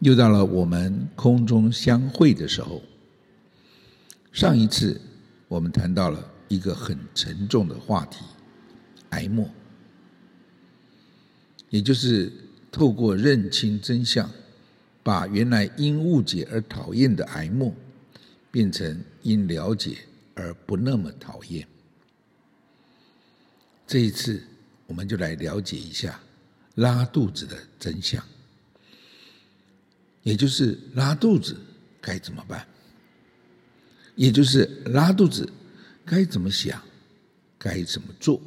又到了我們空中相會的時候。上一次我們談到了一個很沉重的話題——癌末，也就是透過認清真相，把原來因誤解而討厭的癌末，變成因了解而不那麼討厭。這一次，我們就來了解一下拉肚子的真相。也就是拉肚子該怎麼辦？也就是拉肚子該怎麼想，該怎麼做？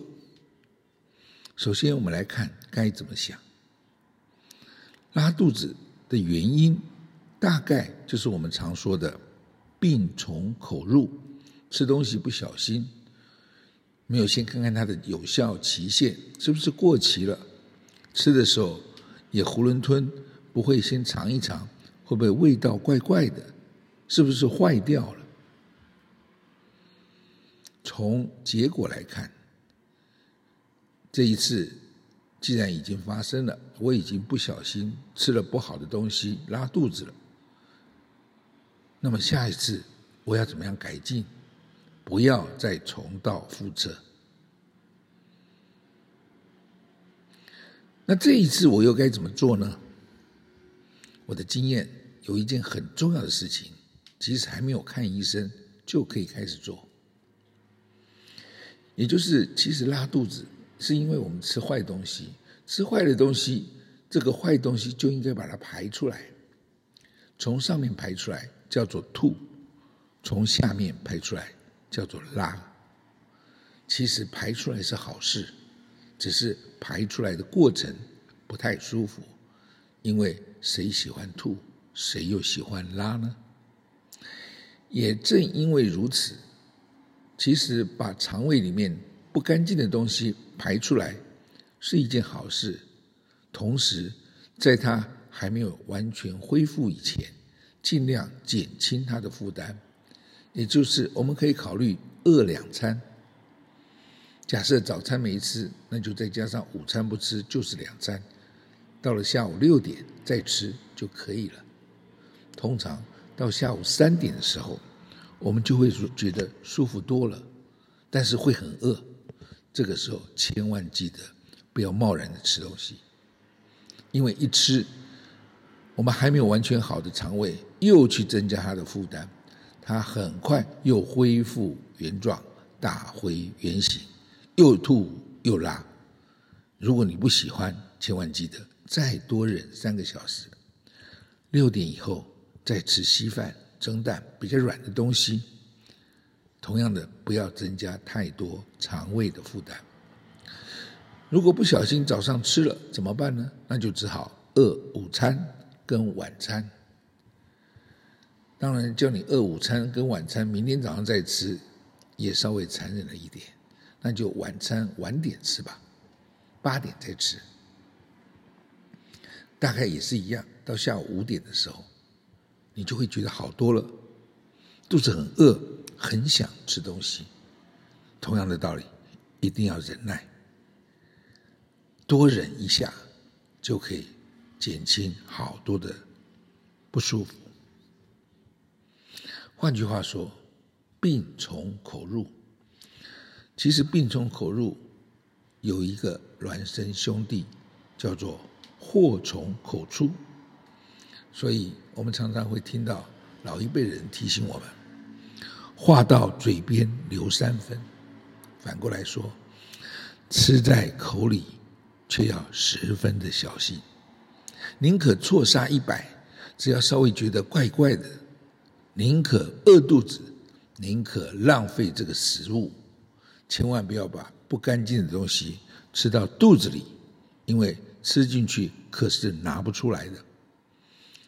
首先，我們來看該怎麼想。拉肚子的原因，大概就是我們常說的“病從口入”，吃東西不小心，沒有先看看它的有效期限是不是過期了，吃的時候也囫圇吞。不會先嘗一嘗，會不會味道怪怪的？是不是壞掉了？從結果來看，這一次既然已經發生了，我已經不小心吃了不好的東西，拉肚子了。那麼下一次我要怎麼樣改進？不要再重蹈覆轍。那這一次我又該怎麼做呢？我的經驗有一件很重要的事情，其實還沒有看醫生就可以開始做，也就是其實拉肚子是因為我們吃壞東西，吃壞的東西，這個壞東西就應該把它排出來，從上面排出來叫做吐，從下面排出來叫做拉，其實排出來是好事，只是排出來的過程不太舒服，因為。誰喜歡吐，誰又喜歡拉呢？也正因為如此，其實把腸胃裡面不乾淨的東西排出來是一件好事。同時，在它還沒有完全恢復以前，儘量減輕它的負擔。也就是我們可以考慮餓兩餐。假設早餐沒吃，那就再加上午餐不吃，就是兩餐。到了下午六點再吃就可以了。通常到下午三點的時候，我們就會覺得舒服多了，但是會很餓。這個時候千萬記得不要貿然的吃東西，因為一吃，我們還沒有完全好的腸胃，又去增加它的負擔，它很快又恢復原狀，打回原形，又吐又拉。如果你不喜歡，千萬記得。再多忍三個小時，六點以後再吃稀飯、蒸蛋，比較軟的東西。同樣的，不要增加太多腸胃的負擔。如果不小心早上吃了怎麼辦呢？那就只好餓午餐跟晚餐。當然，叫你餓午餐跟晚餐，明天早上再吃也稍微殘忍了一點，那就晚餐晚點吃吧，八點再吃。大概也是一樣，到下午五點的時候，你就會覺得好多了，肚子很餓，很想吃東西。同樣的道理，一定要忍耐，多忍一下，就可以減輕好多的不舒服。換句話說，病從口入。其實，病從口入有一個孿生兄弟，叫做。禍從口出，所以我們常常會聽到老一輩人提醒我們：“話到嘴邊留三分。”反過來說，吃在口裡卻要十分的小心。寧可錯殺一百，只要稍微覺得怪怪的，寧可餓肚子，寧可浪費這個食物，千萬不要把不乾淨的東西吃到肚子裡，因為。吃進去可是拿不出來的，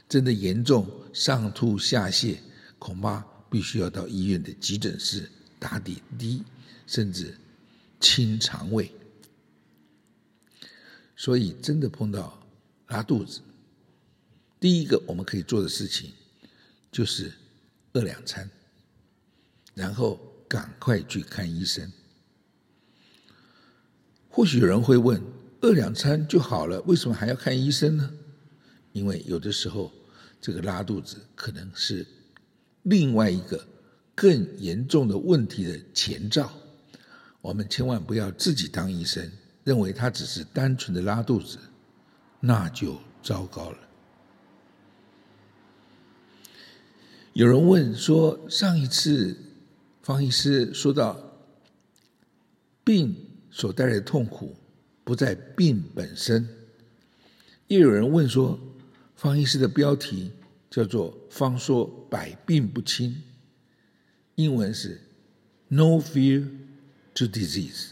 真的嚴重上吐下瀉，恐怕必須要到醫院的急診室打點滴，甚至清腸胃。所以真的碰到拉肚子，第一個我們可以做的事情就是餓兩餐，然後趕快去看醫生。或許有人會問。餓兩餐就好了，為什麼還要看醫生呢？因為有的時候，這個拉肚子可能是另外一個更嚴重的問題的前兆。我們千萬不要自己當醫生，認為他只是單純的拉肚子，那就糟糕了。有人問說，上一次方醫師說到，病所帶來的痛苦。不在病本身。又有人問說，方醫師的標題叫做“方說百病不侵”，英文是 “No fear to disease”，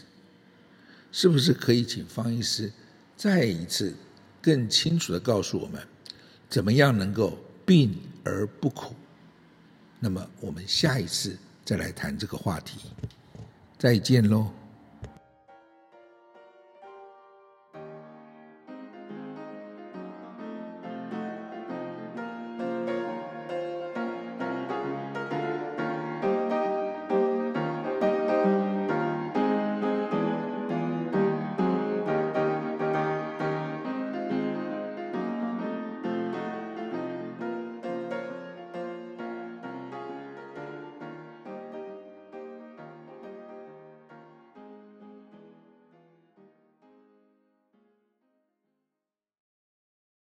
是不是可以請方醫師再一次更清楚的告訴我們，怎麼樣能夠病而不苦？那麼我們下一次再來談這個話題。再見嘍。